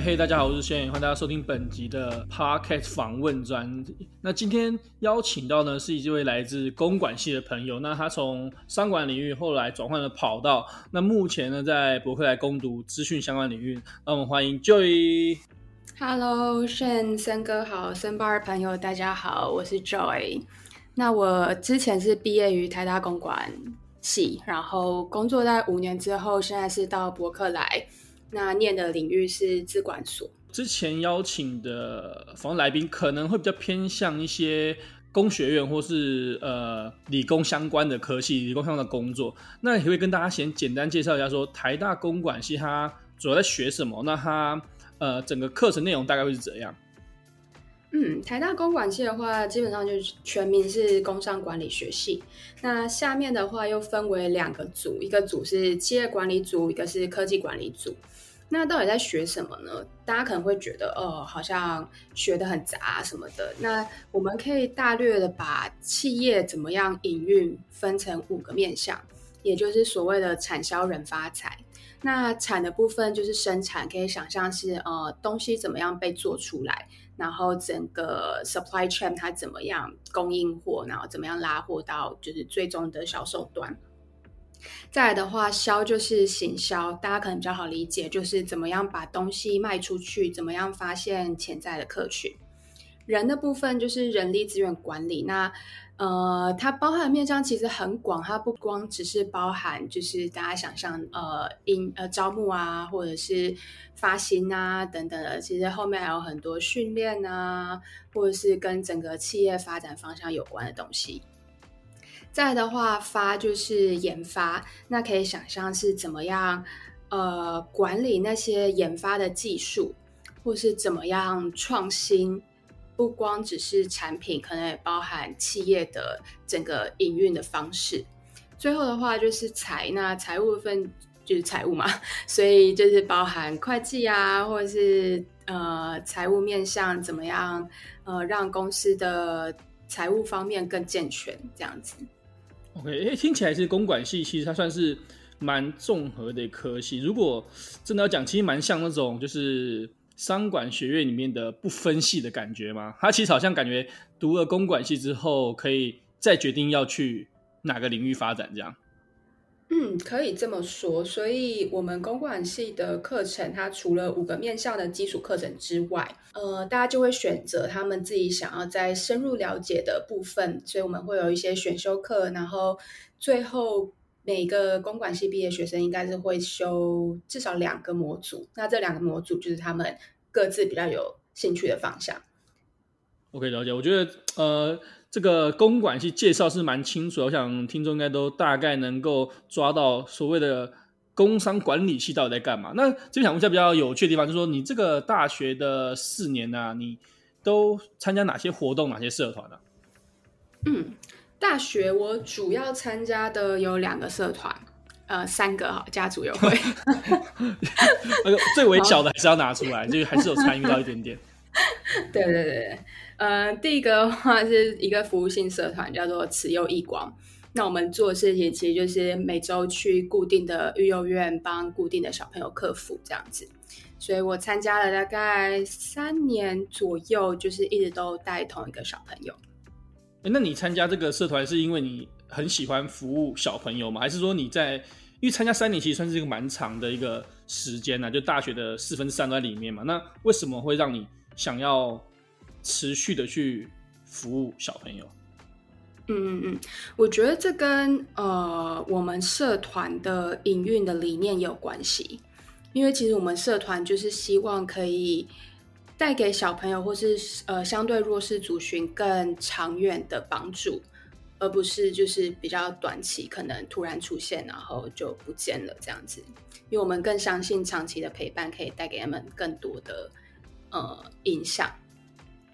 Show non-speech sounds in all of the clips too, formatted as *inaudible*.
嘿、hey，大家好，我是軒，歡迎大家收聽本集的 Parket 訪問專題。那今天邀請到呢是一位來自工管系的朋友，那他從商管領域後來轉換了跑道，那目前呢在柏克萊攻讀資訊相關領域，那我們歡迎 Joy。Hello，軒森哥好，森巴爾朋友大家好，我是 Joy。那我之前是畢業於台大工管系，然後工作在五年之後，現在是到柏克萊那念的領域是資管所。之前邀請的訪問來賓可能會比較偏向一些工學院或是呃理工相關的科系，理工相關的工作。那也會跟大家先簡單介紹一下說，說台大工管系它主要在學什麼？那它呃整個課程內容大概會是怎樣？嗯，台大工管系的話，基本上就是全名是工商管理學系。那下面的話又分為兩個組，一個組是企業管理組，一個是科技管理組。那到底在學什麼呢？大家可能會覺得，哦，好像學的很雜什麼的。那我們可以大略的把企業怎麼樣營運分成五個面向，也就是所謂的產銷人發財。那產的部分就是生產，可以想象是呃東西怎麼樣被做出來，然後整個 supply chain 它怎麼樣供應貨，然後怎麼樣拉貨到就是最終的銷售端。再來的話，銷就是行銷，大家可能比較好理解，就是怎麼樣把東西賣出去，怎麼樣發現潛在的客群。人的部分就是人力資源管理，那呃，它包含的面向其實很廣，它不光只是包含就是大家想象呃，引呃招募啊，或者是發薪啊等等的，其實後面還有很多訓練啊，或者是跟整個企業發展方向有關的東西。再來的話，發就是研發，那可以想象是怎麼樣？呃，管理那些研發的技術，或是怎麼樣創新？不光只是產品，可能也包含企業的整個營運的方式。最後的話就是財，那財務分就是財務嘛，所以就是包含會計啊，或者是呃財務面向怎麼樣？呃，讓公司的財務方面更健全，這樣子。OK，哎，聽起來是工管系，其實它算是蠻綜合的一科系。如果真的要講，其實蠻像那種就是商管學院裡面的不分系的感覺嘛。他其實好像感覺讀了工管系之後，可以再決定要去哪個領域發展這樣。嗯，可以這麼說。所以，我們工管系的課程，它除了五個面向的基礎課程之外，呃，大家就會選擇他們自己想要再深入了解的部分。所以，我們會有一些選修課。然後，最後每個工管系畢業學生應該是會修至少兩個模組。那這兩個模組就是他們各自比較有興趣的方向。OK，了解。我覺得，呃。這個工管系介紹是蠻清楚的，我想聽眾應該都大概能夠抓到所謂的工商管理系到底在幹嘛。那就想問一下比較有趣的地方，就是說你這個大學的四年呢、啊，你都參加哪些活動、哪些社團呢、啊？嗯，大學我主要參加的有兩個社團，呃，三個哈，家族友會。那呦，最微小的還是要拿出來，就還是有參與到一點點。 *laughs* 對，對對對。呃，第一個的話是一個服務性社團，叫做慈幼義廣。那我們做的事情其實就是每週去固定的育幼院幫固定的小朋友課輔這樣子。所以我參加了大概三年左右，就是一直都帶同一個小朋友。欸、那你參加這個社團是因為你很喜歡服務小朋友嗎？還是說你在因為參加三年其實算是一個蠻長的一個時間呢、啊？就大學的四分之三都在裡面嘛。那為什麼會讓你想要？持續的去服務小朋友。嗯嗯嗯，我覺得這跟呃我們社團的營運的理念也有關係，因為其實我們社團就是希望可以帶給小朋友或是呃相對弱勢族群更長遠的幫助，而不是就是比較短期可能突然出現然後就不見了這樣子，因為我們更相信長期的陪伴可以帶給他們更多的呃影響。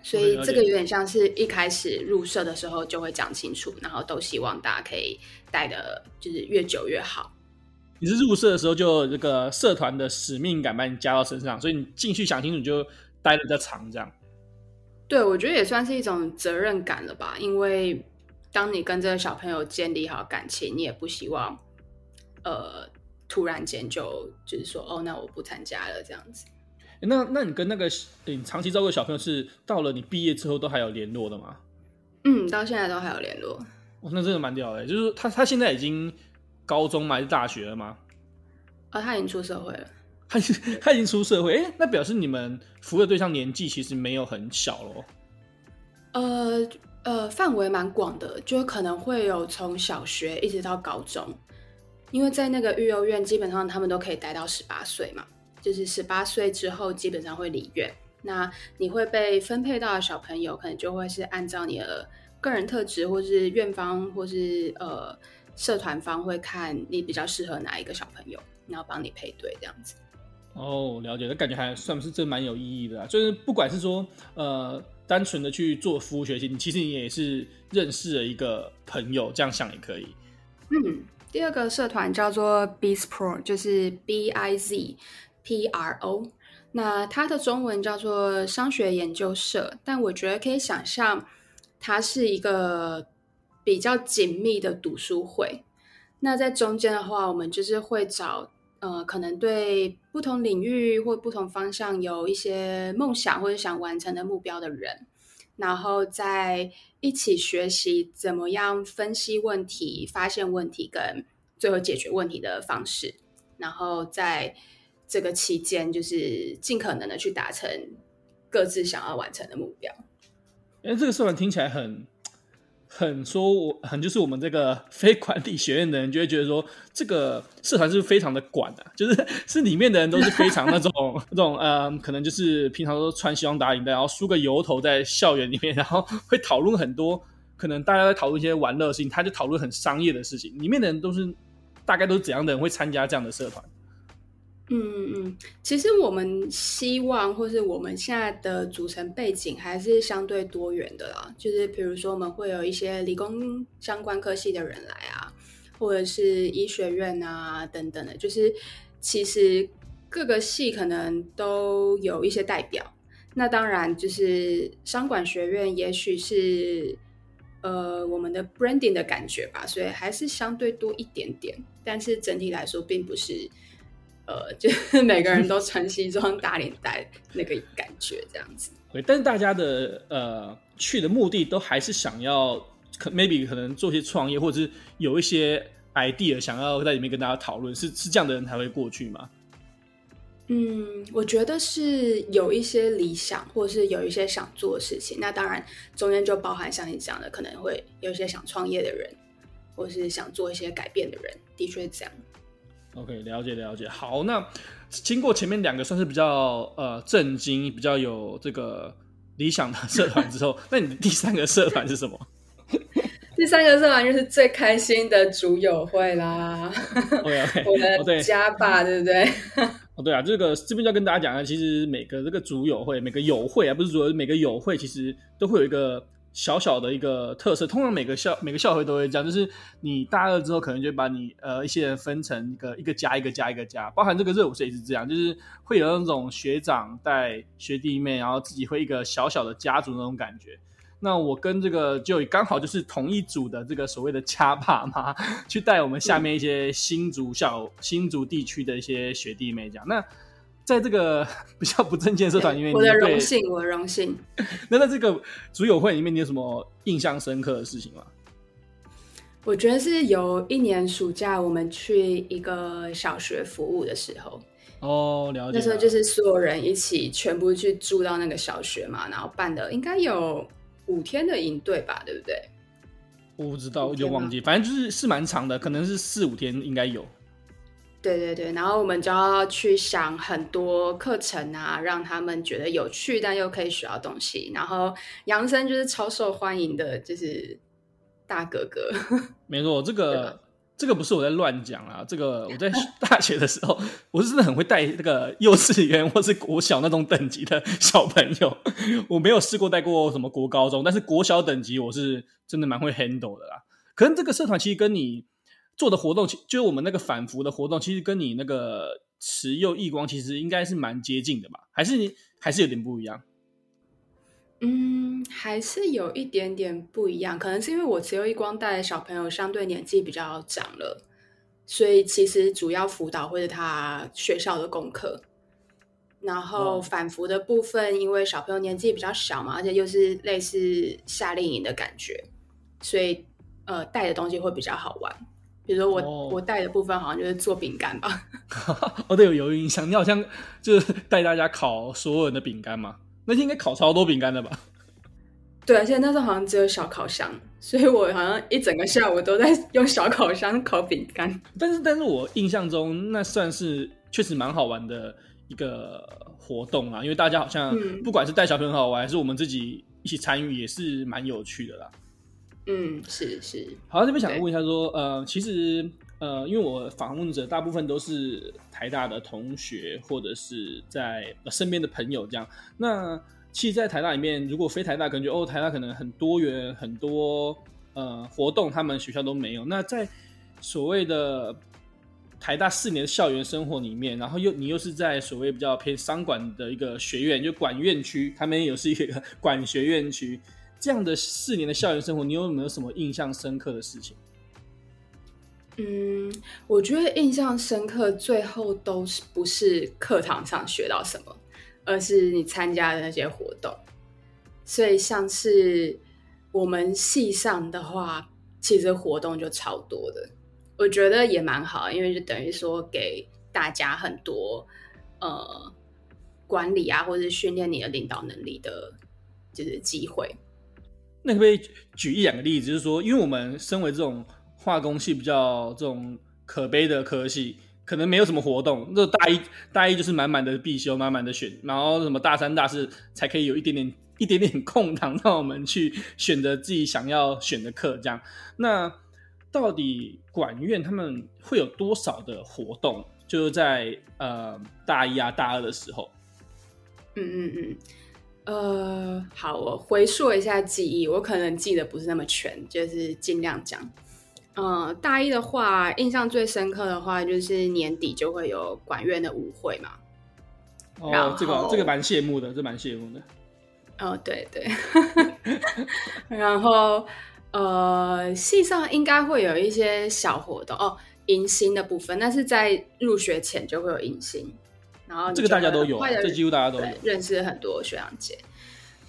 所以這個有點像是一開始入社的時候就會講清楚，然後都希望大家可以待的就是越久越好。你是入社的時候就這個社團的使命感把你加到身上，所以你進去想清楚就待的比較長。這樣，對，我覺得也算是一種責任感了吧？因為當你跟這個小朋友建立好感情，你也不希望呃突然間就就是說哦，那我不參加了這樣子。欸、那，那你跟那個、欸、你長期照顧小朋友是到了你畢業之後都還有聯絡的嗎？嗯，到現在都還有聯絡。哇，那真的蠻屌的，就是他他現在已經高中嘛，還是大學了嗎？啊、哦，他已經出社會了。他 *laughs* 他已經出社會，哎、欸，那表示你們服務的對象年紀其實沒有很小嘍。呃呃，範圍蠻廣的，就可能會有從小學一直到高中，因為在那個育幼院，基本上他們都可以待到十八歲嘛。就是十八歲之後，基本上會離院。那你會被分配到的小朋友，可能就會是按照你的個人特質，或是院方，或是呃社團方會看你比較適合哪一個小朋友，然後幫你配對這樣子。哦，了解，那感覺還算不是真蠻有意義的啦、啊。就是不管是說呃單純的去做服務學習，你其實你也是認識了一個朋友，這樣想也可以。嗯，第二個社團叫做 Biz Pro，就是 B I Z。P.R.O.，那它的中文叫做“商學研究社”，但我覺得可以想象，它是一個比較緊密的讀書會。那在中間的話，我們就是會找呃，可能對不同領域或不同方向有一些夢想或者想完成的目標的人，然後在一起學習怎麼樣分析問題、發現問題跟最後解決問題的方式，然後在。這個期間，就是盡可能的去達成各自想要完成的目標。哎，這個社團聽起來很很說，我很就是我們這個非管理學院的人就會覺得說，這個社團是非常的管的、啊，就是是裡面的人都是非常那種那 *laughs* 種呃，可能就是平常都穿西裝打領帶，然後梳個油頭在校園裡面，然後會討論很多可能大家在討論一些玩樂的事情，他就討論很商業的事情。裡面的人都是大概都是怎樣的人會參加這樣的社團？嗯嗯嗯，其實我們希望，或是我們現在的組成背景還是相對多元的啦。就是比如說，我們會有一些理工相關科系的人來啊，或者是醫學院啊等等的。就是其實各個系可能都有一些代表。那當然，就是商管學院也許是，呃，我們的 branding 的感覺吧，所以還是相對多一點點。但是整體來說，並不是。呃，就是每個人都穿西裝打領帶那個感覺，這樣子。對，但是大家的呃去的目的都還是想要，可 maybe 可能做些創業，或者是有一些 idea 想要在裡面跟大家討論，是是這樣的人才會過去嗎？嗯，我覺得是有一些理想，或是有一些想做的事情。那當然，中間就包含像你講的，可能會有一些想創業的人，或是想做一些改變的人，的確是這樣。OK，了解了解。好，那經過前面兩個算是比較呃震驚、比較有這個理想的社團之後， *laughs* 那你第三個社團是什麼？ *laughs* 第三個社團就是最開心的組友會啦。 *laughs* okay, OK，我們加吧，對不對？哦，對啊，這個這邊就要跟大家講一下、啊，其實每個這個組友會，每個友會而、啊、不是說每個友會，其實都會有一個。小小的一個特色，通常每個校每個校會都會這樣，就是你大二之後，可能就把你呃一些人分成一個一個家一個家一個家，包含這個熱舞社也是這樣，就是會有那種學長帶學弟妹，然後自己會一個小小的家族的那種感覺。那我跟這個 Joy 剛好就是同一組的這個所謂的家爸媽，去帶我們下面一些新竹小、嗯、新竹地區的一些學弟妹這樣那。在這個比較不正經的社團裡面，對對，我的榮幸，我的榮幸。 *laughs* 那在這個組友會裡面，你有什麼印象深刻的事情嗎？我覺得是有一年暑假，我們去一個小學服務的時候。哦，了解了。那時候就是所有人一起全部去住到那個小學嘛，然後辦的應該有五天的營隊吧，對不對？我不知道，我就忘記。反正就是是蠻長的，可能是四五天，應該有。對對對，然後我們就要去想很多課程啊，讓他們覺得有趣，但又可以學到東西。然後楊森就是超受歡迎的，就是大哥哥。沒錯，這個、這個、這個不是我在亂講啊，這個我在大學的時候 *laughs* 我是真的很會帶那個幼稚園或是國小那種等級的小朋友， *laughs* 我沒有試過帶過什麼國高中，但是國小等級我是真的蠻會 handle 的啦。可能這個社團其實跟你。做的活動，其就是我們那個反覆的活動，其實跟你那個持幼益光，其實應該是蠻接近的吧？還是你，還是有點不一樣？嗯，還是有一點點不一樣。可能是因為我持幼益光帶小朋友相對年紀比較長了，所以其實主要輔導會是他學校的功課。然後反覆的部分，因為小朋友年紀比較小嘛，而且又是類似夏令營的感覺，所以呃，帶的東西會比較好玩。比如說我、oh. 我帶的部分好像就是做餅乾吧， *laughs* 哦，對，有有印象，你好像就是帶大家烤所有人的餅乾嘛？那應該烤超多餅乾的吧？對啊，而且那時候好像只有小烤箱，所以我好像一整個下午都在用小烤箱烤餅乾。但是，但是我印象中那算是確實蠻好玩的一個活動啊，因為大家好像不管是帶小朋友好玩、嗯，還是我們自己一起參與，也是蠻有趣的啦。嗯，是是。好，這邊想問一下，說，okay. 呃，其實，呃，因為我訪問者大部分都是台大的同學，或者是在身邊的朋友，這樣。那其實，在台大裡面，如果非台大，感覺哦，台大可能很多元，很多呃活動，他們學校都沒有。那在所謂的台大四年的校園生活裡面，然後又你又是在所謂比較偏商管的一個學院，就管院區，他們有是一個管學院區。這樣的四年的校園生活，你有沒有什麼印象深刻的事情？嗯，我覺得印象深刻，最後都是不是課堂上學到什麼，而是你參加的那些活動。所以像是我們系上的話，其實活動就超多的，我覺得也蠻好，因為就等於說給大家很多，呃，管理啊，或者訓練你的領導能力的，就是機會。那可不可以舉一兩個例子，就是說，因為我們身為這種化工系比較這種可悲的科系，可能沒有什麼活動。那大一大一就是滿滿的必修，滿滿的選，然後什麼大三、大四才可以有一點點、一點點空檔，讓我們去選擇自己想要選的課。這樣，那到底管院他們會有多少的活動，就是在呃大一啊、大二的時候？嗯嗯嗯。呃，好，我回溯一下記憶，我可能記得不是那麼全，就是盡量講。呃，大一的話，印象最深刻的話就是年底就會有管院的舞會嘛。哦，然後這個這個蠻羨慕的，這蠻羨慕的。哦，對對。 *laughs* *laughs* 然後呃，系上應該會有一些小活動哦，迎新的部分，但是在入學前就會有迎新。然後這個大家都有，啊，這幾乎大家都有。認識很多學長姐。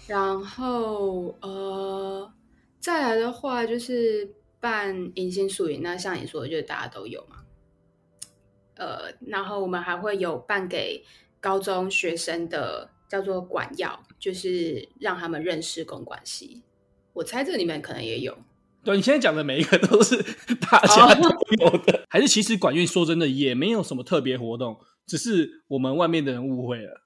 然後呃，再來的話就是辦迎新宿營，那像你說的就是大家都有嘛。呃，然後我們還會有辦給高中學生的叫做管藥，就是讓他們認識工管系。我猜這裡面可能也有。對，你現在講的每一個都是大家都有的。哦，還是其實管院說真的也沒有什麼特別活動，只是我們外面的人誤會了。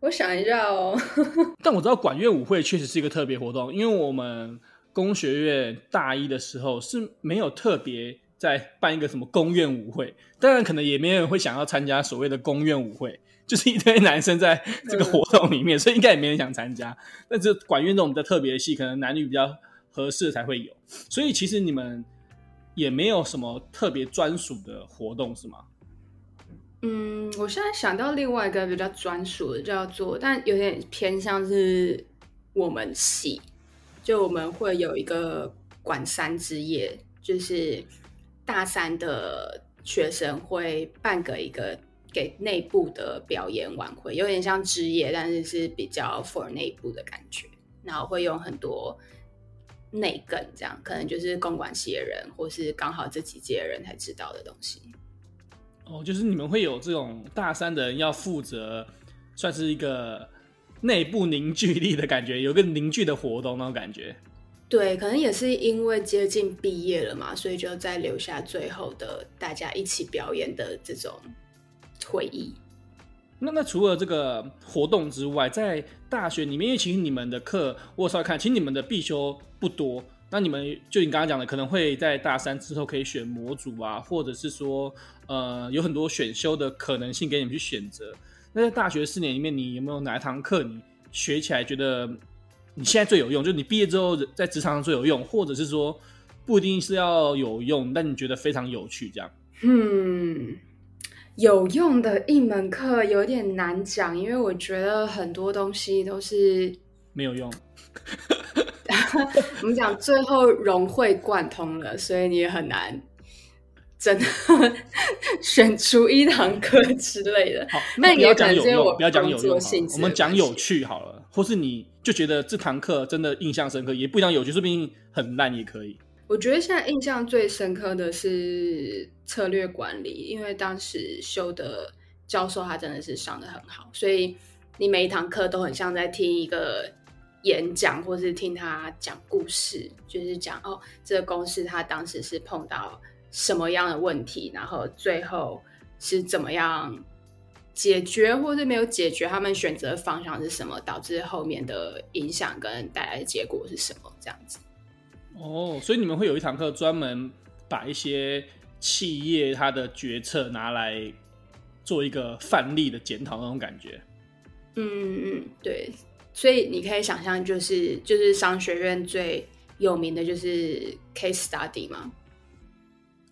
我想一下哦， *laughs* 但我知道管院舞會確實是一個特別活動，因為我們工學院大一的時候是沒有特別在辦一個什麼工院舞會，當然可能也沒有人會想要參加所謂的工院舞會，就是一堆男生在這個活動裡面，嗯、所以應該也沒人想參加。但是管院這種的特別的系可能男女比較合適才會有，所以其實你們也沒有什麼特別專屬的活動，是嗎？嗯，我現在想到另外一個比較專屬的叫做，但有點偏向是我們系，就我們會有一個管三之夜，就是大三的學生會辦個一個給內部的表演晚會，有點像之夜，但是是比較 for 內部的感覺，然後會用很多。內更這樣，可能就是工管系的人，或是剛好這幾屆人才知道的東西。哦，就是你們會有這種大三的人要負責，算是一個內部凝聚力的感覺，有一個凝聚的活動那種感覺。對，可能也是因為接近畢業了嘛，所以就再留下最後的大家一起表演的這種回憶。那那除了這個活動之外，在大學裡面，因為其實你們的課我稍微看，請你們的必修。不多。那你們就你剛剛講的，可能會在大三之後可以選模組啊，或者是說，呃，有很多選修的可能性給你們去選擇。那在大學四年裡面，你有沒有哪一堂課你學起來覺得你現在最有用？就你畢業之後在職場上最有用，或者是說不一定是要有用，但你覺得非常有趣這樣？嗯，有用的一門課有點難講，因為我覺得很多東西都是沒有用。 *laughs* *laughs* *laughs* *laughs* 我們講，最後融會貫通了，所以你也很難真的 *laughs* 選出一堂課之類的。好，那你要講有用，不要講有用，我們講有趣好了，或是你就覺得這堂課真的印象深刻，也不講有趣，說不定很爛也可以。我覺得現在印象最深刻的是策略管理，因為當時修的教授他真的是上得很好，所以你每一堂課都很像在聽一個。演講，或是聽他講故事，就是講哦，這個公司他當時是碰到什麼樣的問題，然後最後是怎麼樣解決，或是沒有解決，他們選擇的方向是什麼，導致後面的影響跟帶來的結果是什麼？這樣子。哦，所以你們會有一堂課專門把一些企業他的決策拿來做一個範例的檢討，那種感覺。嗯嗯，對。所以你可以想象，就是就是商學院最有名的就是 case study 嗎？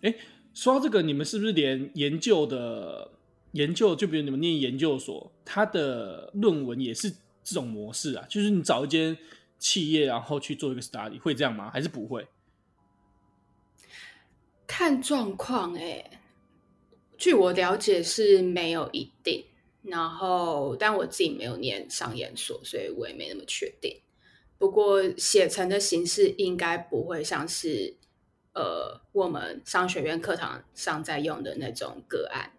哎、欸，說到這個，你們是不是連研究的研究，就比如你們念研究所，它的論文也是這種模式啊？就是你找一間企業，然後去做一個 study，會這樣嗎？還是不會？看狀況。哎、欸，據我了解是沒有一定。然後，但我自己沒有念商研所，所以我也沒那麼確定。不過，寫成的形式應該不會像是，呃，我們商學院課堂上在用的那種個案，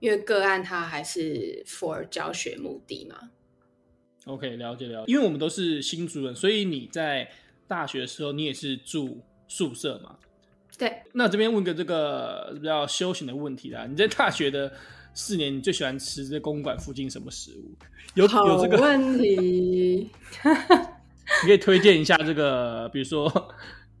因為個案它還是 for 教學目的嘛。OK，了解了解。因為我們都是新竹人，所以你在大學的時候你也是住宿舍嘛？對。那我這邊問個這個比較休閒的問題啦，你在大學的四年，你最喜歡吃這公館附近什麼食物有？有有這個問題，你可以推薦一下這個。比如說，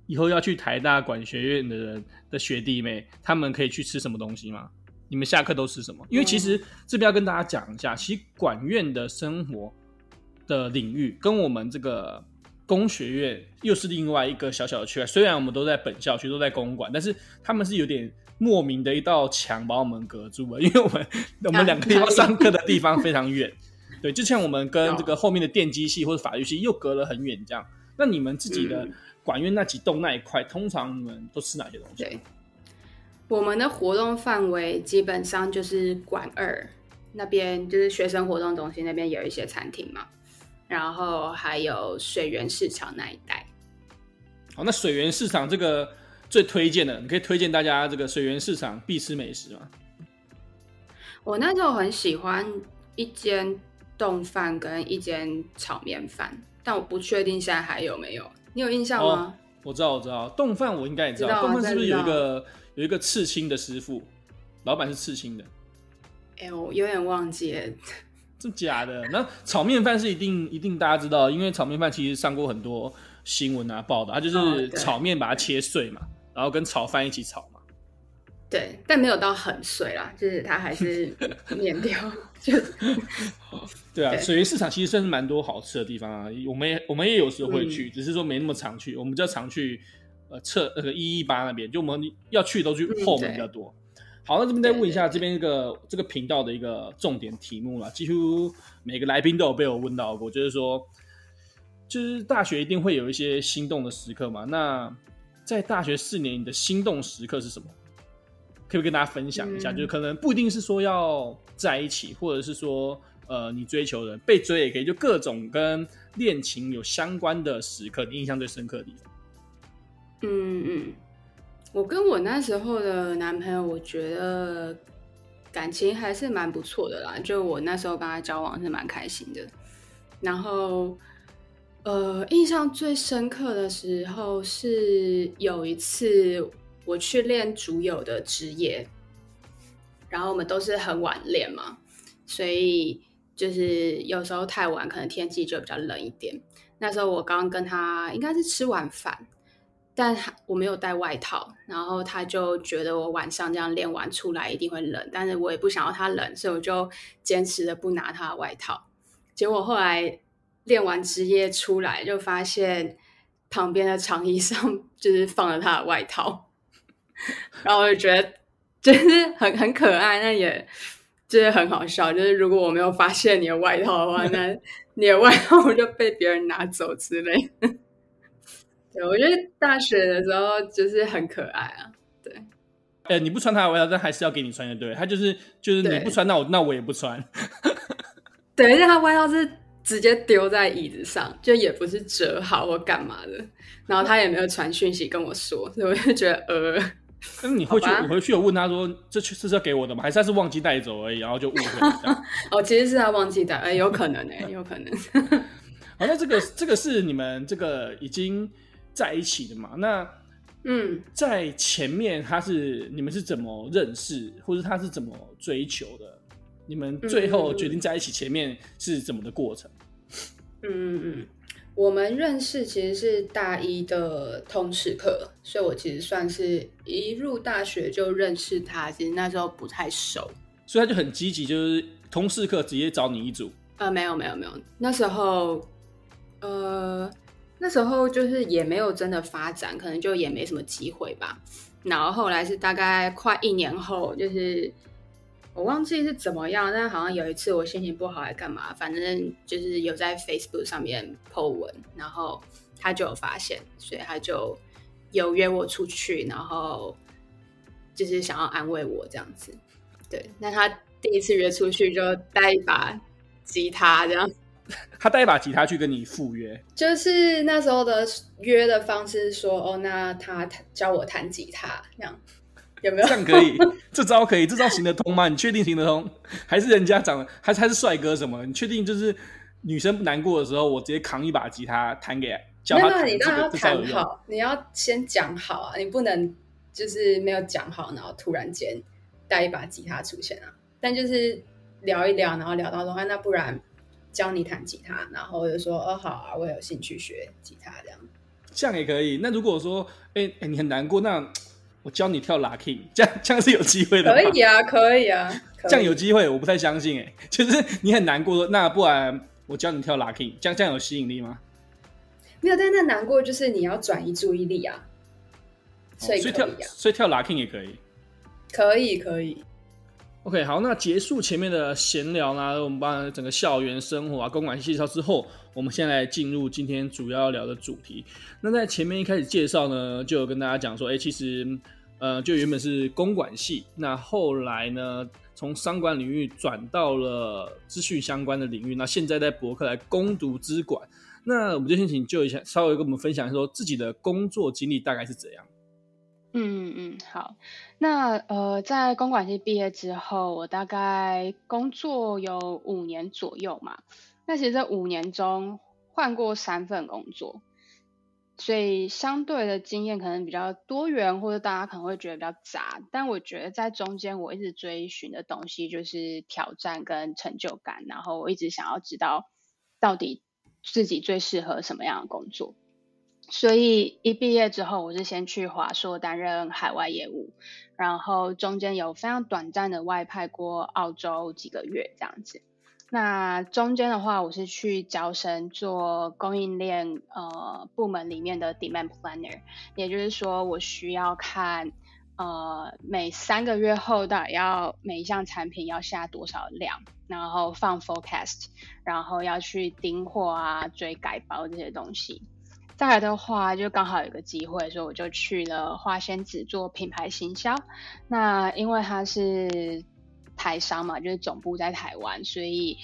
以後要去台大管學院的的學弟妹，他們可以去吃什麼東西嗎？你們下課都吃什麼？因為其實這邊要跟大家講一下，其實管院的生活的領域跟我們這個工學院又是另外一個小小的區別。雖然我們都在本校區，都在公館，但是他們是有點。莫名的一道牆把我們隔住了，因為我們我們兩個地方上課的地方非常遠，啊、 *laughs* 對，就像我們跟這個後面的電機系或者法律系又隔了很遠這樣。那你們自己的管院那幾棟那一塊、嗯，通常你們都吃哪些東西？對，我們的活動範圍基本上就是管二那邊，就是學生活動中心那邊有一些餐廳嘛，然後還有水源市場那一帶。好，那水源市場這個。最推薦的，你可以推薦大家這個水源市場必吃美食嗎？我那時候很喜歡一間丼飯跟一間炒麵飯，但我不確定現在還有沒有，你有印象嗎？哦、我知道，我知道，丼飯我應該也知道，丼飯、啊、是不是有一個有一個刺青的師傅，老闆是刺青的？哎、欸，我有點忘記了，真假的？那炒麵飯是一定一定大家知道，因為炒麵飯其實上過很多新聞啊報道，它就是炒麵把它切碎嘛。哦然後跟炒飯一起炒嘛，對，但沒有到很碎啦，就是它還是黏掉。 *laughs* 就對啊，對，水源市場其實算是蠻多好吃的地方啊。我們我們也有時候會去，嗯，只是說沒那麼常去。我們比較常去呃側那個一一八，那邊，就我們要去的都去後門，嗯，比較多。好，那這邊再問一下這邊一個對對對這個頻道的一個重點題目啦。幾乎每個來賓都有被我問到過，就是說，就是大學一定會有一些心動的時刻嘛？那在大學四年，你的心動時刻是什麼？可不可以跟大家分享一下，嗯、就是可能不一定是說要在一起，或者是說，呃，你追求的人被追也可以，就各種跟戀情有相關的時刻，你印象最深刻的地方。嗯嗯，我跟我那時候的男朋友，我覺得感情還是蠻不錯的啦，就我那時候跟他交往是蠻開心的，然後。呃，印象最深刻的時候是有一次我去練主友的職業，然後我們都是很晚練嘛，所以就是有時候太晚，可能天氣就比較冷一點。那時候我剛跟他應該是吃晚飯，但我沒有帶外套，然後他就覺得我晚上這樣練完出來一定會冷，但是我也不想要他冷，所以我就堅持的不拿他的外套，結果後來。練完職業出來就發現旁邊的長椅上就是放了他的外套，然後我就覺得就是很很可愛，那也就是很好笑。就是如果我沒有發現你的外套的話，那你的外套我就被別人拿走之類。對，我覺得大學的時候就是很可愛啊。對，哎、欸，你不穿他的外套，但還是要給你穿的。對，他就是就是你不穿，那我那我也不穿。對，等一下他的外套是，直接丟在椅子上，就也不是折好或幹嘛的，然後他也沒有傳訊息跟我說、嗯，所以我就覺得呃，那你回去，我回去有問他說，這這是要給我的嗎？還是他是忘記帶走而已？然後就誤會了。 *laughs* 哦，其實是他忘記帶，呃、欸，有可能哎、欸，有可能。 *laughs* 好，那這個這個是你們這個已經在一起的嘛？那嗯，在前面他是你們是怎麼認識，或者他是怎麼追求的？你們最後決定在一起，前面是怎麼的過程？嗯嗯嗯，我們認識其實是大一的通識課，所以我其實算是一入大學就認識他。其實那時候不太熟，所以他就很積極，就是通識課直接找你一組。呃，沒有沒有沒有，那時候呃那時候就是也沒有真的發展，可能就也沒什麼機會吧。然後後來是大概快一年後，就是。我忘記是怎麼樣，但好像有一次我心情不好還幹嘛，反正就是有在 Facebook 上面 po 文，然後他就有發現，所以他就有約我出去，然後就是想要安慰我這樣子。對，那他第一次約出去就帶一把吉他，這樣。他帶一把吉他去跟你赴約？就是那時候的約的方式說，說哦，那他教我彈吉他這樣。有沒有這樣可以， *laughs* 這招可以，這招行得通嗎？你確定行得通？還是人家長得，還是還是帥哥什麼？你確定就是女生不難過的時候，我直接扛一把吉他彈給？教他、這個、那你要有，你都要彈好，你要先講好啊，你不能就是沒有講好，然後突然間帶一把吉他出現了、啊。但就是聊一聊，然後聊到的話那不然教你彈吉他，然後就說，哦，好啊，我有興趣學吉他，這樣這樣也可以。那如果說，哎、欸、哎，欸、你很難過，那。我教你跳 lucky，這樣這樣是有機會的。可以啊，可以啊，這樣有機會，我不太相信哎。就是你很難過，那不然我教你跳 lucky，這樣這樣有吸引力嗎？沒有，但那難過就是你要轉移注意力啊，所以可以啊，哦，所以跳，所以跳 lucky 也可以，可以可以。OK，好，那結束前面的閒聊呢，我們把整個校園生活啊、工管系介紹之後，我們先來進入今天主要聊的主題。那在前面一開始介紹呢，就有跟大家講說，哎、欸，其實，呃，就原本是工管系，那後來呢，從商管領域轉到了資訊相關的領域，那現在在柏克萊攻讀資管。那我們就先請就一下，稍微跟我們分享一下說自己的工作經歷大概是怎樣。嗯嗯嗯，好。那呃，在工管系畢業之後，我大概工作有五年左右嘛。那其實這五年中換過三份工作，所以相對的經驗可能比較多元，或者大家可能會覺得比較雜。但我覺得在中間，我一直追尋的東西就是挑戰跟成就感，然後我一直想要知道到底自己最適合什麼樣的工作。所以一畢業之後，我是先去華碩擔任海外業務，然後中間有非常短暫的外派過澳洲幾個月這樣子。那中間的話，我是去交深做供應鏈呃部門裡面的 Demand Planner，也就是說我需要看呃每三個月後到底要每一項產品要下多少量，然後放 Forecast，然後要去訂貨啊、追改包這些東西。再來的話，就剛好有個機會，所以我就去了花仙子做品牌行銷。那因為他是台商嘛，就是總部在台灣，所以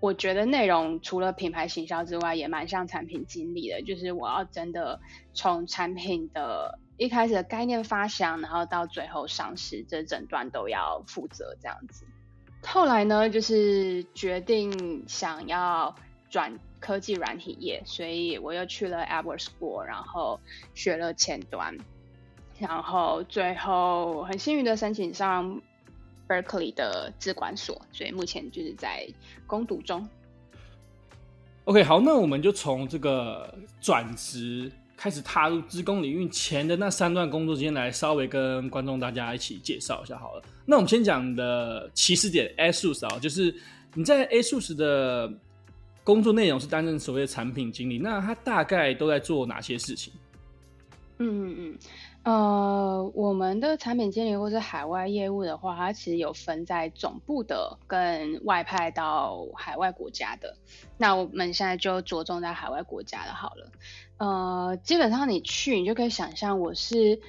我覺得內容除了品牌行銷之外，也蠻像產品經理的。就是我要真的從產品的一開始的概念發想，然後到最後上市，這整段都要負責這樣子。後來呢，就是決定想要轉。科技軟體業，所以我又去了 AppWorks School，然後學了前端，然後最後很幸運的申請上 Berkeley 的資管所，所以目前就是在攻讀中。OK，好，那我們就從這個轉職開始踏入資工領域前的那三段工作之間來稍微跟觀眾大家一起介紹一下好了。那我們先講的起始點，ASUS 啊，就是你在 ASUS 的。工作內容是擔任所謂的產品經理，那他大概都在做哪些事情？嗯嗯嗯呃，我們的產品經理或是海外業務的話，它其實有分在總部的跟外派到海外國家的。那我們現在就着重在海外國家的好了。呃，基本上你去，你就可以想象我是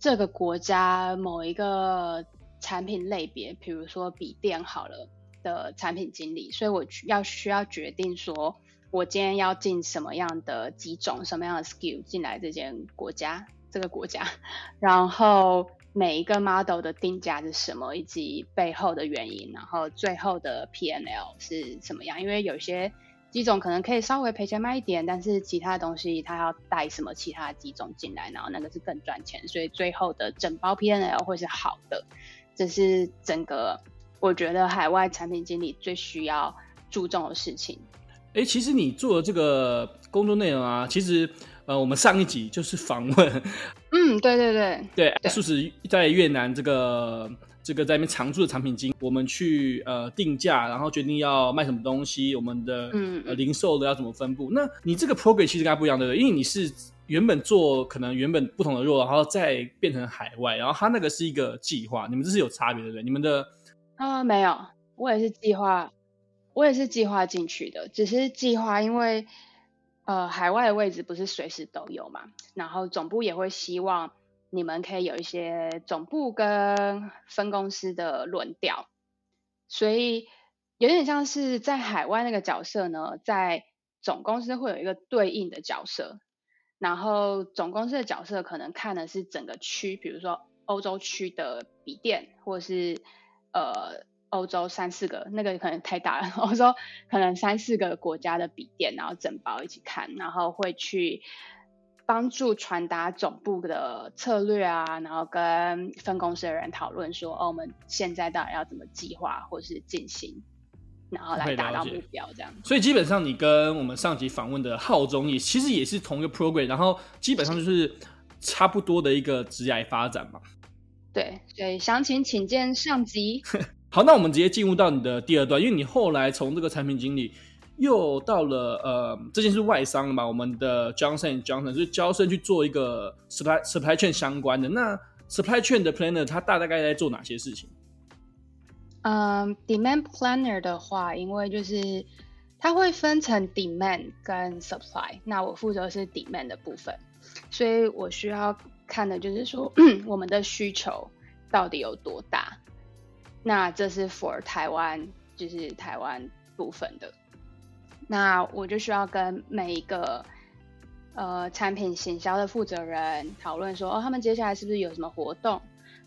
這個國家某一個產品類別，比如說筆電好了。的產品經理，所以我要需要決定說，我今天要進什麼樣的幾種什麼樣的 skill 進來這間國家這個國家，然後每一個 model 的定價是什麼以及背後的原因，然後最後的 P N L 是什麼樣？因為有些幾種可能可以稍微賠錢賣一點，但是其他的東西它要帶什麼其他幾種進來，然後那個是更賺錢，所以最後的整包 P N L 會是好的。這是整個。我覺得海外產品經理最需要注重的事情。哎、欸，其實你做的這個工作內容啊，其實呃，我們上一集就是訪問。嗯，對對對，對。蘇值在越南這個這個在那邊常駐的產品經，我們去呃，定價，然後決定要賣什麼東西，我們的嗯、呃、零售的要怎麼分佈。那你這個 program 其實跟它不一樣對不對？因為你是原本做可能原本不同的肉，然後再變成海外，然後它那個是一個計劃，你們這是有差別的對不對？你們的啊、哦，沒有，我也是計劃，我也是計劃進去的，只是計劃，因為呃，海外的位置不是隨時都有嘛，然後總部也會希望你們可以有一些總部跟分公司的輪調，所以有點像是在海外那個角色呢，在總公司會有一個對應的角色，然後總公司的角色可能看的是整個區，比如說歐洲區的筆電或者是。呃，歐洲三四個，那個可能太大了。歐洲可能三四個國家的筆電，然後整包一起看，然後會去幫助傳達總部的策略啊，然後跟分公司的人討論說，哦，我們現在到底要怎麼計劃或是進行，然後來達到目標這樣。Okay, 所以基本上你跟我們上集訪問的浩中，也其實也是同一個 program，然後基本上就是差不多的一個職涯發展嘛。對，所以詳情請見上集。 *laughs* 好，那我們直接進入到你的第二段，因為你後來從這個產品經理又到了呃，這件是外商嘛？我們的 Johnson Johnson 就是 Johnson 去做一個 supply supply chain 相關的。那 supply chain 的 planner 他大大概在做哪些事情？嗯，um，demand planner 的話，因為就是它會分成 demand 跟 supply，那我負責是 demand 的部分，所以我需要。看的就是說 *coughs* 我們的需求到底有多大。那這是 for 台灣，就是台灣部分的。那我就需要跟每一個呃產品行銷的負責人討論說，哦，他們接下來是不是有什麼活動？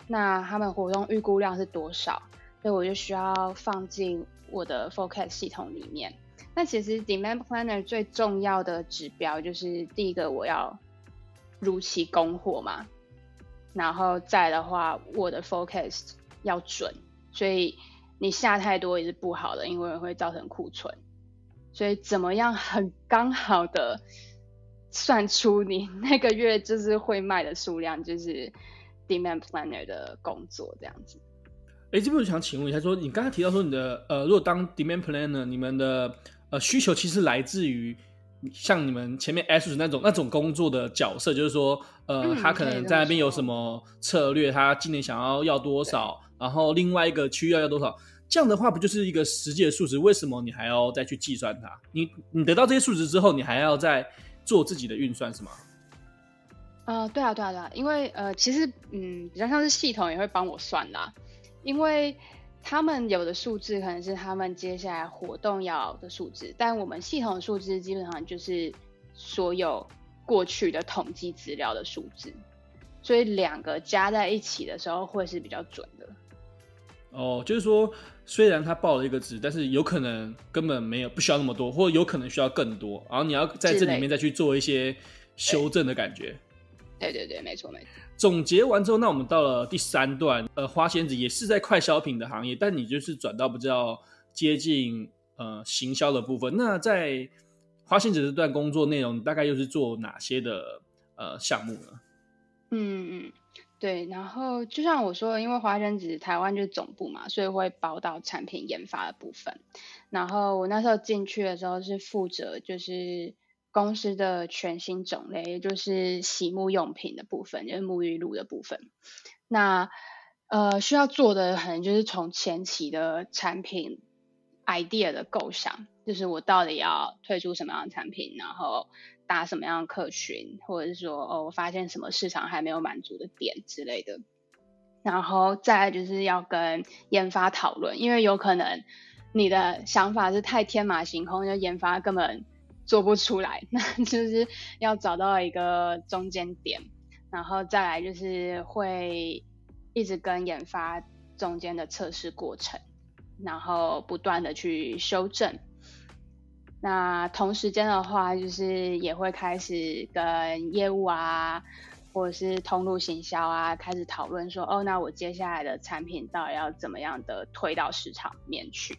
那他們活動預估量是多少？所以我就需要放進我的 forecast 系統裡面。那其實 demand planner 最重要的指標就是第一個，我要。如期供貨嘛，然後再的話，我的 forecast 要準，所以你下太多也是不好的，因為會造成庫存。所以怎麼樣很剛好的算出你那個月就是會賣的數量，就是 demand planner 的工作這樣子。誒，這邊我想請問一下，說你剛才提到說你的呃，如果當 demand planner，你們的呃需求其實來自於，像你們前面 S 那種那種工作的角色，就是說，呃，嗯、他可能在那邊有什麼策略、嗯，可以這麼說，他今年想要要多少，然後另外一個區域要要多少，這樣的話不就是一個實際的數值？為什麼你還要再去計算它？你你得到這些數值之後，你還要再做自己的運算是嗎？啊，對啊，對啊，對啊，因為呃，其實嗯，比較像是系統也會幫我算的、啊，因為。他們有的數字可能是他們接下來活動要的數字，但我們系統數字基本上就是所有過去的統計資料的數字，所以兩個加在一起的時候會是比較準的。哦，就是說雖然他報了一個值，但是有可能根本沒有，不需要那麼多，或有可能需要更多，然後你要在這裡面再去做一些修正的感覺。欸，對對對，沒錯沒錯。總結完之後，那我們到了第三段，呃，花仙子也是在快消品的行業，但你就是轉到比較接近呃行銷的部分。那在花仙子這段工作內容，大概又是做哪些的呃項目呢？嗯嗯，對。然後就像我說的，因為花仙子台灣就是總部嘛，所以會包到產品研發的部分。然後我那時候進去的時候是負責就是。公司的全新種類，也就是洗沐用品的部分，就是沐浴露的部分。那呃，需要做的可能就是從前期的產品 idea 的構想，就是我到底要推出什麼樣的產品，然後搭什麼樣的客群，或者是說哦，我發現什麼市場還沒有滿足的點之類的。然後再來就是要跟研發討論，因為有可能你的想法是太天馬行空，就研發根本。做不出來，那就是要找到一個中間點，然後再來就是會一直跟研發中間的測試過程，然後不斷的去修正。那同時間的話，就是也會開始跟業務啊，或者是通路行銷啊，開始討論說，哦，那我接下來的產品到底要怎麼樣的推到市場面去，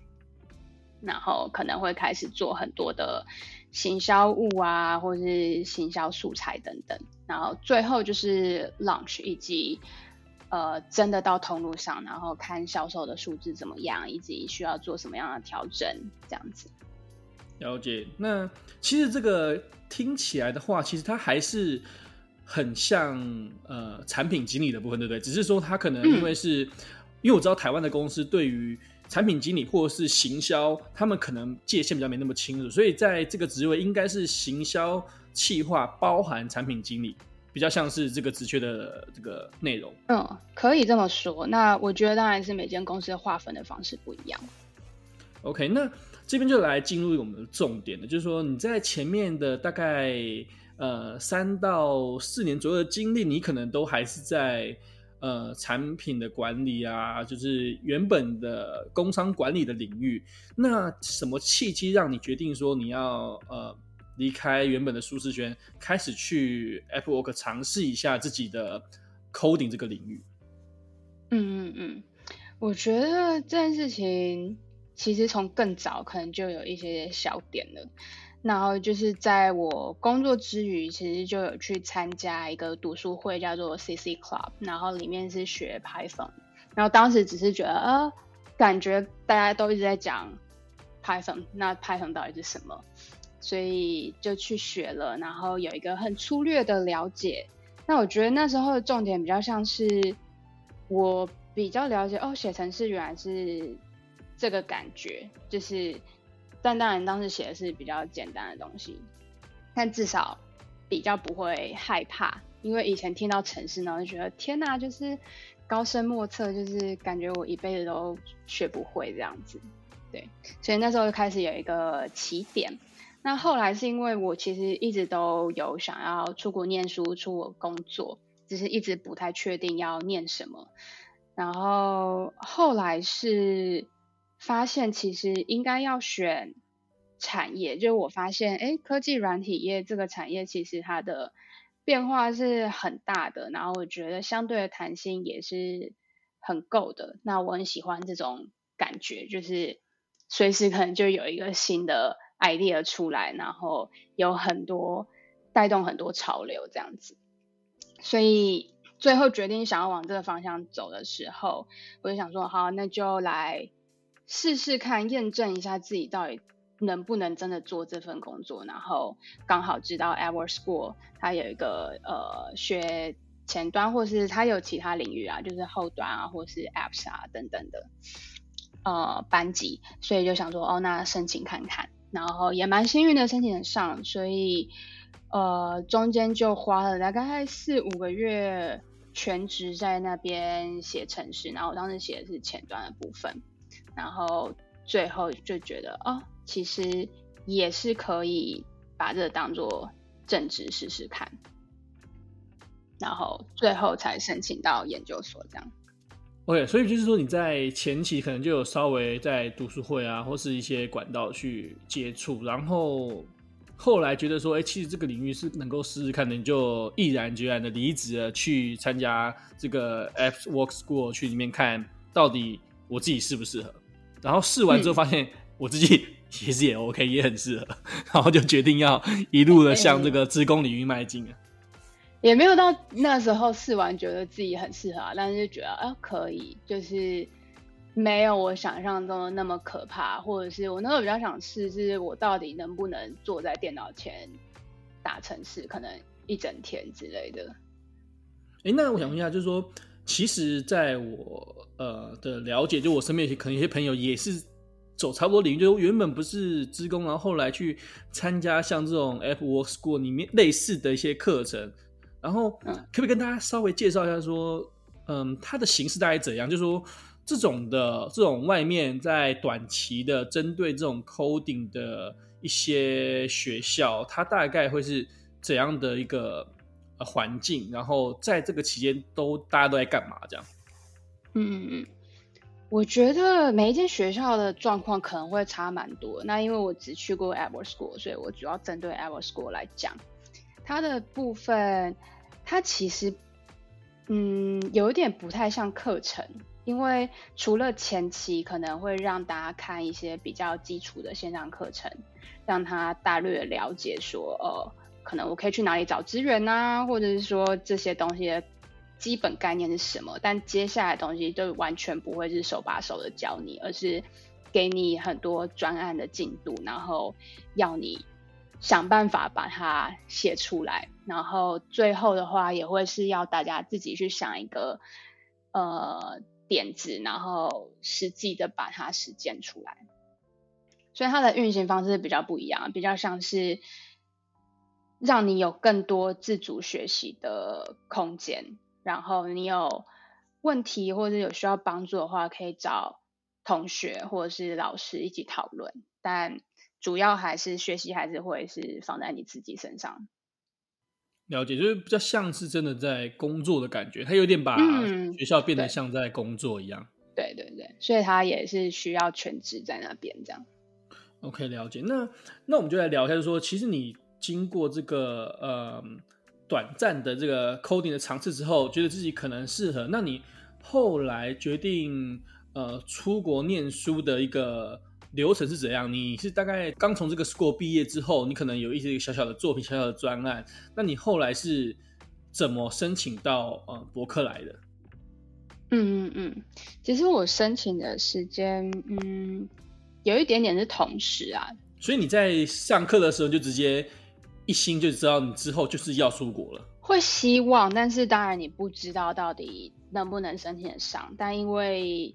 然後可能會開始做很多的。行銷物啊，或是行銷素材等等，然後最後就是 launch 以及呃真的到通路上，然後看銷售的數字怎麼樣，以及需要做什麼樣的調整，這樣子。了解，那其實這個聽起來的話，其實它還是很像呃產品經理的部分，對不對？只是說它可能因為是，嗯、因為我知道台灣的公司對於。產品經理或者是行銷，他們可能界限，比較沒那麼清楚，所以在這個職位應該是行銷企劃包含產品經理，比較像是這個職缺的這個內容。嗯，可以這麼說。那我覺得當然是每間公司的劃分的方式不一樣。OK，那這邊就來進入我們的重點了，就是說你在前面的大概呃三到四年左右的經歷，你可能都還是在。呃，產品的管理啊，就是原本的工商管理的領域。那什麼契機讓你決定說你要呃離開原本的舒適圈，開始去 AppWorks 嘗試一下自己的 coding 這個領域？嗯嗯嗯，我覺得這件事情其實從更早可能就有一些小點了。然後就是在我工作之餘，其實就有去參加一個讀書會，叫做 CC Club，然後裡面是學 Python，然後當時只是覺得，呃，感覺大家都一直在講 Python，那 Python 到底是什麼？所以就去學了，然後有一個很粗略的了解。那我覺得那時候的重點比較像是，我比較了解哦，寫程式，原來是這個感覺，就是。但當然，當時寫的是比較簡單的東西，但至少比較不會害怕，因為以前聽到程式呢，就覺得天哪、啊，就是高深莫測，就是感覺我一輩子都學不會這樣子，對，所以那時候就開始有一個起點。那後來是因為我其實一直都有想要出國念書、出國工作，只是一直不太確定要念什麼。然後後來是。發現其實應該要選產業，就我發現，哎，科技軟體業這個產業其實它的變化是很大的，然後我覺得相對的彈性也是很夠的。那我很喜歡這種感覺，就是隨時可能就有一個新的 idea 出來，然後有很多帶動很多潮流這樣子。所以最後決定想要往這個方向走的時候，我就想說，好，那就來。試試看，驗證一下自己到底能不能真的做這份工作。然後剛好知道 Ever School 它有一個呃學前端，或是它有其他領域啊，就是後端啊，或是 Apps 啊等等的呃班級，所以就想說，哦，那申請看看。然後也蠻幸運的，申請上。所以呃，中間就花了大概四五個月全職在那邊寫程式。然後我當時寫的是前端的部分。然後最後就覺得哦，其實也是可以把這個當做正職試試看，然後最後才申請到研究所這樣。OK，所以就是說你在前期可能就有稍微在讀書會啊，或是一些管道去接觸，然後後來覺得說，哎、欸，其實這個領域是能夠試試看的，你就毅然決然的離職了，去參加這個 App Works 過去裡面看，到底我自己適不適合。然後試完之後，發現我自己其實也 OK，、嗯、也很適合，然後就決定要一路的向這個資工領域邁進啊。也沒有到那時候試完，覺得自己很適合、啊，但是就覺得啊可以，就是沒有我想象中的那麼可怕，或者是我那時候比較想試，就是我到底能不能坐在電腦前打程式，可能一整天之類的。哎，那我想問一下，就是說。其實，在我的呃的了解，就我身邊一些可能一些朋友也是走差不多領域，就原本不是資工，然後後來去參加像這種 AppWorks School 裡面類似的一些課程，然後可不可以跟大家稍微介紹一下說，嗯、呃，它的形式大概怎樣？就是、說這種的這種外面在短期的針對這種 Coding 的一些學校，它大概會是怎樣的一個環境，然後在這個期間都大家都在幹嘛？這樣，嗯，我覺得每一間學校的狀況可能會差蠻多。那因為我只去過 AppWorks School，所以我主要針對 AppWorks School 來講，它的部分，它其實，嗯，有一點不太像課程，因為除了前期可能會讓大家看一些比較基礎的線上課程，讓他大略了解說，呃、哦。可能，我可以去哪裡找資源啊，或者是說這些東西的基本概念是什麼？但接下來的東西就完全不會是手把手的教你，而是給你很多專案的進度，然後要你想辦法把它寫出來，然後最後的話也會是要大家自己去想一個呃點子，然後實際的把它實踐出來。所以它的運行方式比較不一樣，比較像是。讓你有更多自主學習的空間，然後你有問題或者有需要幫助的話，可以找同學或者是老師一起討論。但主要還是學習還是會是放在你自己身上。了解，就是比較像是真的在工作的感覺，他有點把學校變得像在工作一樣。嗯、對對對，所以他也是需要全職在那邊這樣。OK，了解。那那我們就來聊一下就說，就說其實你。經過這個呃短暫的這個 coding 的嘗試之後，覺得自己可能適合。那你後來決定呃出國念書的一個流程是怎樣？你是大概剛從這個 school 畢業之後，你可能有一些小小的作品、小小的專案。那你後來是怎麼申請到呃柏克萊的？嗯嗯嗯，其實我申請的時間，嗯，有一點點是同時啊。所以你在上課的時候就直接。一心就知道你之後就是要出國了，會希望，但是當然你不知道到底能不能申請上。但因為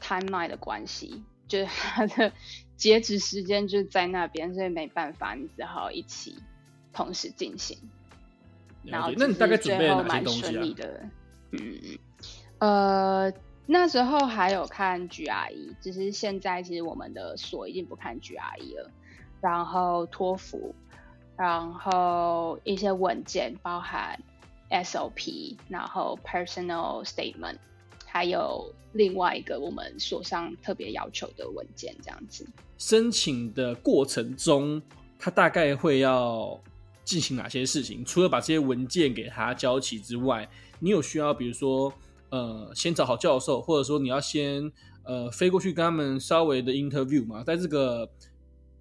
time line 的關係，就是它的截止時間就在那邊，所以沒辦法，你只好一起同時進行。然後，那你大概準備了哪些東西、啊、滿順利的啊？嗯呃，那時候還有看 GRE，只是現在其實我們的所已經不看 GRE 了，然後托福，然後一些文件包含 SOP，然後 personal statement，還有另外一個我們所上特別要求的文件，這樣子。申請的過程中，他大概會要進行哪些事情？除了把這些文件給他交齊之外，你有需要，比如說，呃，先找好教授，或者說你要先呃飛過去跟他們稍微的 interview 嗎？在這個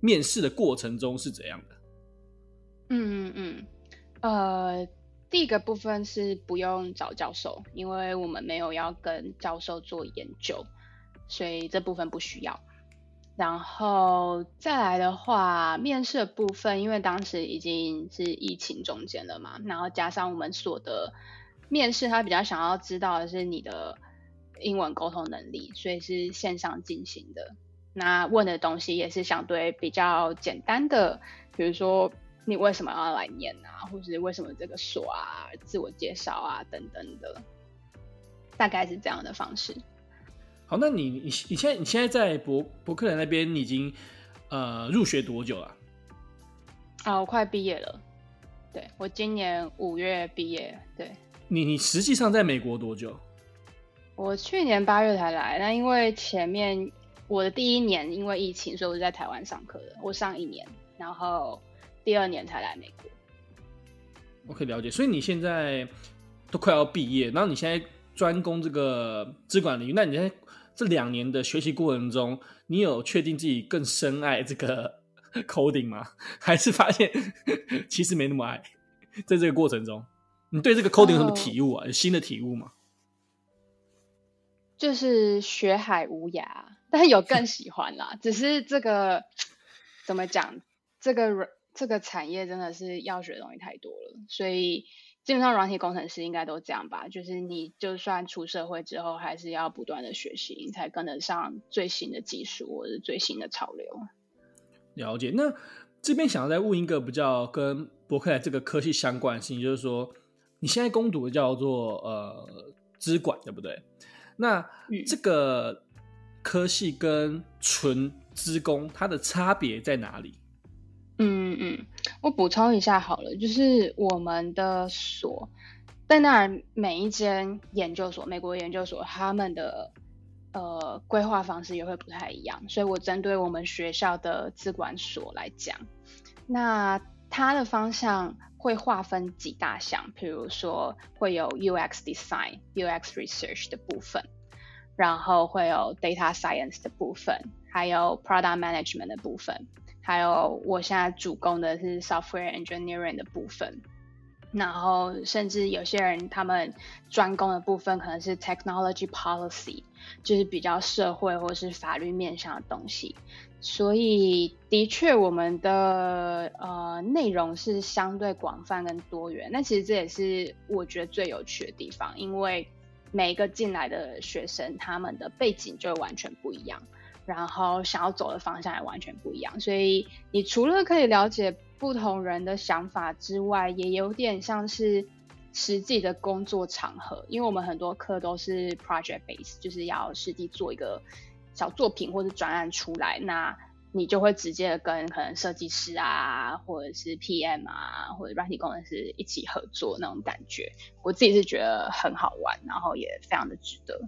面試的過程中是怎樣的？嗯嗯嗯，呃，第一個部分是不用找教授，因為我們沒有要跟教授做研究，所以這部分不需要。然後再來的話，面試的部分，因為當時已經是疫情中間了嘛，然後加上我們所的面試，他比較想要知道的是你的英文溝通能力，所以是線上進行的。那問的東西也是相對比較簡單的，比如說。你為什麼要來念啊？或者是為什麼這個說啊、自我介紹啊等等的，大概是這樣的方式。好，那你你你現在你現在在柏,柏克萊那邊，已經呃入學多久了啊？啊，我快畢業了。對我今年五月畢業。對你，你實際上在美國多久？我去年八月才來。那因為前面我的第一年因為疫情，所以我是在台灣上課的。我上一年，然後。第二年才來美國，Okay，了解。所以你現在都快要畢業，然後你現在專攻這個資管領域。那你在這兩年的學習過程中，你有確定自己更深愛這個 coding 嗎？還是發現其實沒那麼愛？在這個過程中，你對這個 coding 有什麼體悟啊？呃、有新的體悟嗎？就是學海無涯，但有更喜歡啦。 *laughs* 只是這個怎麼講？這個。這個產業真的是要學的東西太多了，所以基本上軟體工程師應該都這樣吧，就是你就算出社會之後，還是要不斷的學習，你才跟得上最新的技術或者最新的潮流。了解。那這邊想要再問一個比較跟柏克萊這個科系相關性，就是說你現在攻讀的叫做呃資管，對不對？那這個科系跟純資工它的差別在哪裡？嗯嗯，我補充一下好了，就是我們的所，但當然每一間研究所，美國研究所他們的呃規劃方式也會不太一樣，所以我針對我們學校的資管所來講，那他的方向會劃分幾大項，比如說會有 UX design、UX research 的部分，然後會有 data science 的部分，還有 product management 的部分。還有，我現在主攻的是 software engineering 的部分，然後甚至有些人他們專攻的部分可能是 technology policy，就是比較社會或是法律面向的東西。所以的確，我們的呃內容是相對廣泛跟多元。那其實這也是我覺得最有趣的地方，因為每一個進來的學生，他們的背景就完全不一樣。然後想要走的方向也完全不一樣，所以你除了可以了解不同人的想法之外，也有點像是實際的工作場合，因為我們很多課都是 project base，就是要實際做一個小作品或者專案出來，那你就會直接跟可能設計師啊，或者是 PM 啊，或者軟體工程師一起合作那種感覺，我自己是覺得很好玩，然後也非常的值得。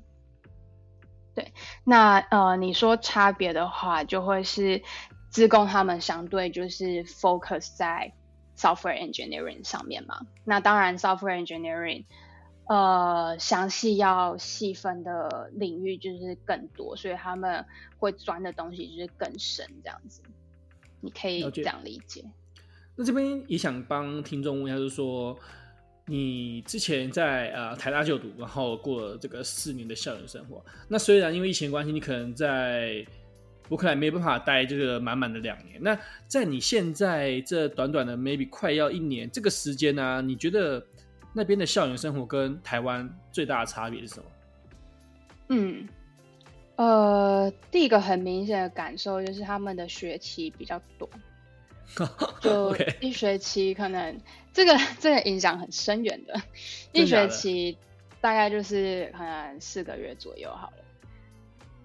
對，那呃，你說差別的話，就會是資工他們相對就是 focus 在 software engineering 上面嘛。那當然，software engineering 呃，詳細要細分的領域就是更多，所以他們會鑽的東西就是更深，這樣子。你可以這樣理解。了解。那這邊也想幫聽眾問一下，就是說。你之前在呃台大就讀，然後過了這個四年的校園生活。那雖然因為疫情關係，你可能在柏克萊沒辦法待這個滿滿的兩年。那在你現在這短短的 maybe 快要一年這個時間呢、啊，你覺得那邊的校園生活跟台灣最大的差別是什麼？嗯，呃，第一個很明顯的感受就是他們的學期比較短， *laughs* 就一學期可能。這個這個影響很深遠的，的，一學期大概就是可能四個月左右好了。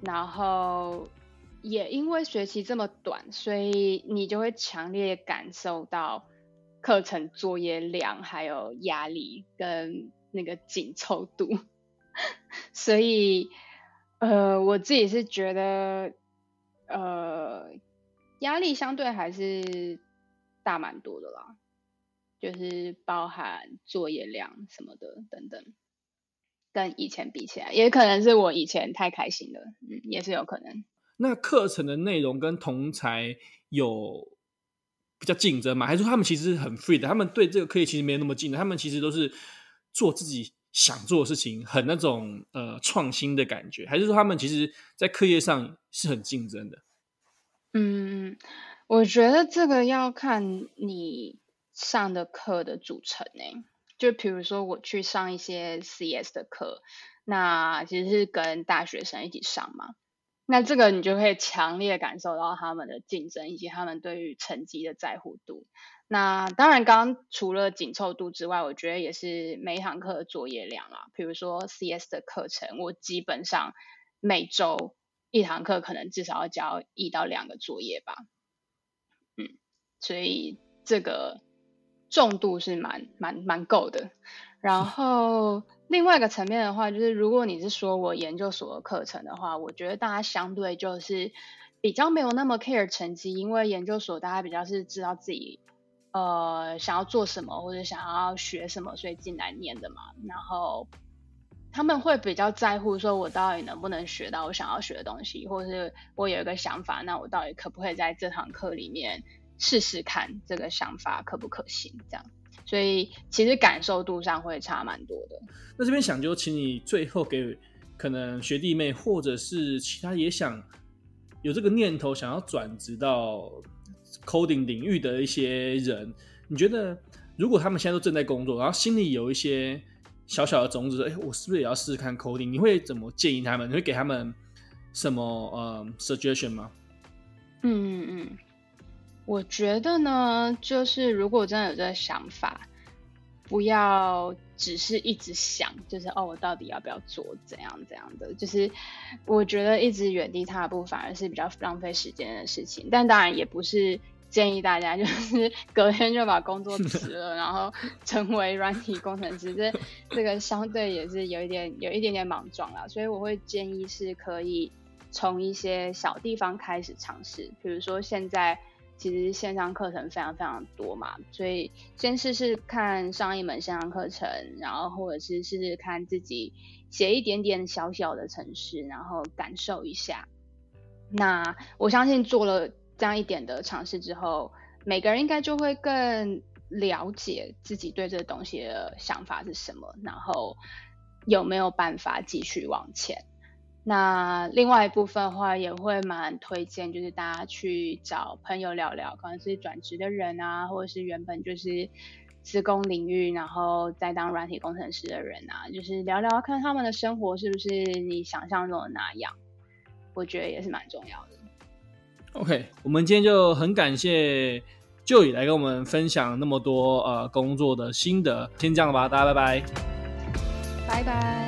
然後也因為學期這麼短，所以你就會強烈感受到課程作業量還有壓力跟那個緊湊度。 *laughs* 所以，呃，我自己是覺得，呃，壓力相對還是大蠻多的啦。就是包含作業量什麼的等等，跟以前比起來，也可能是我以前太開心了，嗯，也是有可能。那課程的內容跟同儕有比較競爭嗎？還是說他們其實很 free 的？他們對這個課業其實沒有那麼競爭，他們其實都是做自己想做的事情，很那種呃創新的感覺。還是說他們其實在課業上是很競爭的？嗯，我覺得這個要看你。上的課的組成誒、欸，就比如說我去上一些 CS 的課，那其實是跟大學生一起上嘛。那這個你就可以強烈感受到他們的競爭以及他們對於成績的在乎度。那當然，剛除了緊湊度之外，我覺得也是每一堂課的作業量啊。比如說 CS 的課程，我基本上每周一堂課可能至少要交一到兩個作業吧。嗯，所以這個。重度是蠻蠻蠻夠的，然後另外一個層面的話，就是如果你是說我研究所的課程的話，我覺得大家相對就是比較沒有那麼 care 成績，因為研究所大家比較是知道自己呃想要做什麼或者想要學什麼，所以進來唸的嘛，然後他們會比較在乎說我到底能不能學到我想要學的東西，或者我有一個想法，那我到底可不可以在這堂課裡面。試試看這個想法可不可行，這樣，所以其實感受度上會差蠻多的。那這邊想就請你最後給可能學弟妹或者是其他也想有這個念頭想要轉職到 coding 領域的一些人，你覺得如果他們現在都正在工作，然後心裡有一些小小的種子，哎、欸，我是不是也要試試看 coding？你會怎麼建議他們？你會給他們什麼呃 suggestion 嗎？嗯嗯嗯。我覺得呢，就是如果真的有這個想法，不要只是一直想，就是哦，我到底要不要做，怎樣怎樣的？就是我覺得一直原地踏步，反而是比較浪費時間的事情。但當然也不是建議大家就是隔天就把工作辭了，然後成為軟體工程師，這 *laughs* 這個相對也是有一點有一點點莽撞啦，所以我會建議是可以從一些小地方開始嘗試，比如說現在。其實線上課程非常非常多嘛，所以先試試看上一門線上課程，然後或者是試試看自己寫一點點小小的程式，然後感受一下。那我相信做了這樣一點的嘗試之後，每個人應該就會更了解自己對這個東西的想法是什麼，然後有沒有辦法繼續往前。那另外一部分的話，也會蠻推薦，就是大家去找朋友聊聊，可能是轉職的人啊，或者是原本就是，資工領域然後再當軟體工程師的人啊，就是聊聊看他們的生活是不是你想象中的那樣，我覺得也是蠻重要的。OK，我們今天就很感謝 Joy 來跟我們分享那麼多呃工作的心得，先這樣吧，大家拜拜，拜拜。